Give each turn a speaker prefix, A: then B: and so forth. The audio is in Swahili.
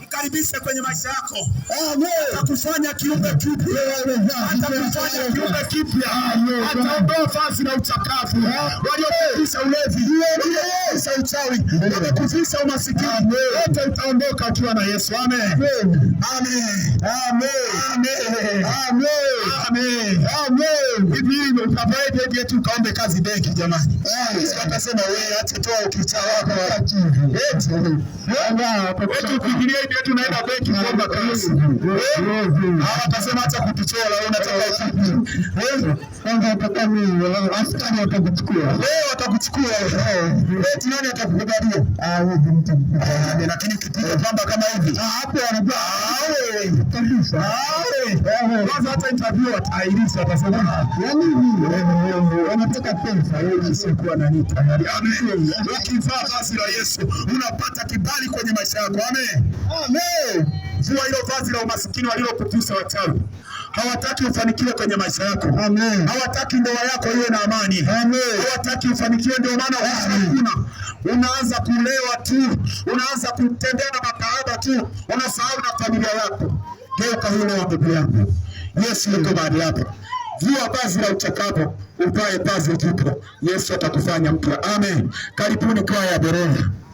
A: Nikaribishe kwenye maisha yako, atakufanya kiumbe kipya, ataondoa vazi la uchakavu, waliokufundisha ulevi uchawi yenye yaani umasikini wote utaondoka ukiwa na Yesu. Amen, amen. Utapaje tu kaombe kazi benki jamani, wewe acha toa wako hivi yetu naenda benki kuomba kazi, hawa acha kutuchora, unataka kwanza atakami askari atakuchukua. Leo atakuchukua. Eh, eti eh. eh, nani atakukubalia. Ah, wewe mtu. mkubwa. Eh, lakini kipiga pamba kama hivi. Ah, hapo anajua Ah, awe kabisa. Ah, Awe. Kwanza hata interview atairisha atasema. Ah, ah, yaani mimi anataka pesa yeye sikuwa na nini tayari." Amen. Ukivaa vazi la Yesu unapata kibali kwenye maisha yako. Amen. Amen. Vua hilo vazi la umasikini walilokupusa wachawi. Hawataki ufanikiwe kwenye maisha yako. Hawataki ndoa yako iwe na amani. Hawataki ufanikiwe, ndio maana ushakuna unaanza kulewa tu, unaanza kutembea na makahaba tu, unasahau na familia yako. Geuka hilo ndugu yangu, Yesu yuko mahali hapa. Vua vazi la uchakapo, uvae vazi jipya. Yesu atakufanya mpya. Amen. Karibuni kwaya ya Berela.